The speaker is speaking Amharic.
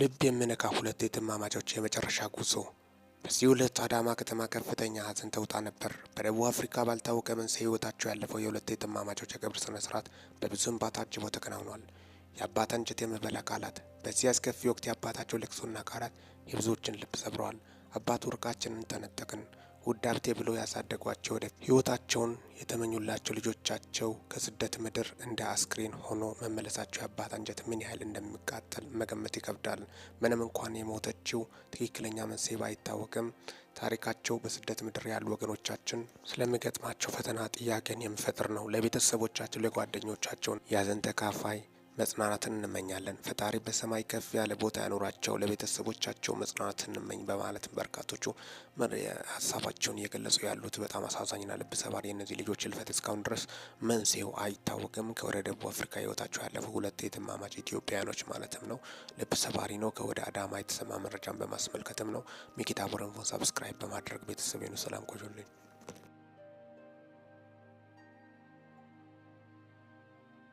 ልብ የሚነካ ሁለት የትማማቾች የመጨረሻ ጉዞ። በዚህ ሁለት አዳማ ከተማ ከፍተኛ ሀዘን ተውጣ ነበር። በደቡብ አፍሪካ ባልታወቀ መንስኤ ህይወታቸው ያለፈው የሁለት የትማማቾች የቀብር ስነ ስርዓት በብዙ እንባ ታጅቦ ተከናውኗል። የአባት አንጀት የመበላ ቃላት። በዚህ አስከፊ ወቅት የአባታቸው ልቅሶና ቃላት የብዙዎችን ልብ ሰብረዋል። አባቱ ርቃችንን ተነጠቅን፣ ውድ ሀብቴ ያሳደጓቸው ወደ ህይወታቸውን የተመኙላቸው ልጆቻቸው ከስደት ምድር እንደ አስክሬን ሆኖ መመለሳቸው የአባት አንጀት ምን ያህል እንደሚቃጠል መገመት ይከብዳል። ምንም እንኳን የሞተችው ትክክለኛ መንስኤ ባይታወቅም ታሪካቸው በስደት ምድር ያሉ ወገኖቻችን ስለሚገጥማቸው ፈተና ጥያቄን የሚፈጥር ነው። ለቤተሰቦቻቸው፣ ለጓደኞቻቸውን ያዘን ተካፋይ መጽናናትን እንመኛለን። ፈጣሪ በሰማይ ከፍ ያለ ቦታ ያኖራቸው፣ ለቤተሰቦቻቸው መጽናናት እንመኝ በማለት በርካቶቹ ሀሳባቸውን እየገለጹ ያሉት በጣም አሳዛኝና ልብ ሰባሪ የእነዚህ ልጆች ልፈት እስካሁን ድረስ መንስኤው አይታወቅም። ከወደ ደቡብ አፍሪካ ህይወታቸው ያለፉ ሁለት የትማማጭ ኢትዮጵያውያኖች ማለትም ነው። ልብ ሰባሪ ነው። ከወደ አዳማ የተሰማ መረጃን በማስመልከትም ነው። ሚኪታ ቦረንፎን ሳብስክራይብ በማድረግ ቤተሰብ ነው። ሰላም ቆዩልኝ።